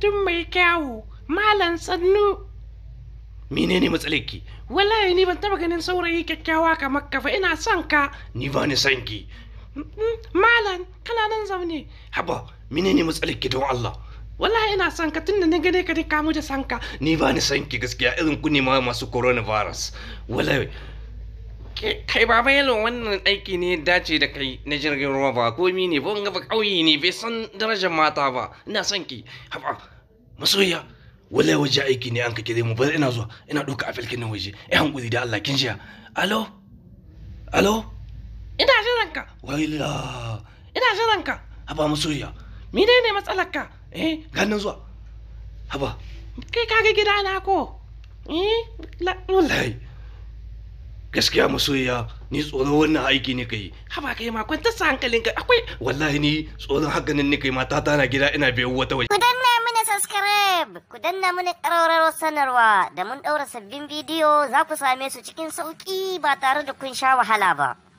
mutum mai kyawu malam sannu menene matsalar Wala wallahi ni ban taba ganin saurayi kyakkyawa kamar ka fa ina son ka ni ba ni son ki malam kana nan zaune haba menene ne don Allah wallahi ina son ka tunda na gane ka dai kamu da sanka ni ba ni son ki gaskiya irin ku ne ma masu coronavirus wallahi kai ba bai yalwa wannan aiki ne dace da kai na jirgin ruwa ba komi ne ba gaba ƙauye ne bai san darajar mata ba ina son ki haba masoya wallahi waje aiki ne an ka kire mu bari ina zuwa ina ɗauka a filkin nan waje ai hankuri da Allah kin jiya alo alo ina jiran ka waila ina jiran ka haba masoya ne matsalar ka eh ga nan zuwa haba kai ka gida na ko eh wallahi gaskiya masoyiya ni tsoron wannan aiki ne kai haba kai ma kwanta sa hankalin ka akwai wallahi ni tsoron hakanin ne kai mata tana gida ina biyan wata waje ku danna mana subscribe ku danna mana karawar sanarwa da mun ɗaura sabbin bidiyo za ku same su cikin sauki ba tare da kun sha wahala ba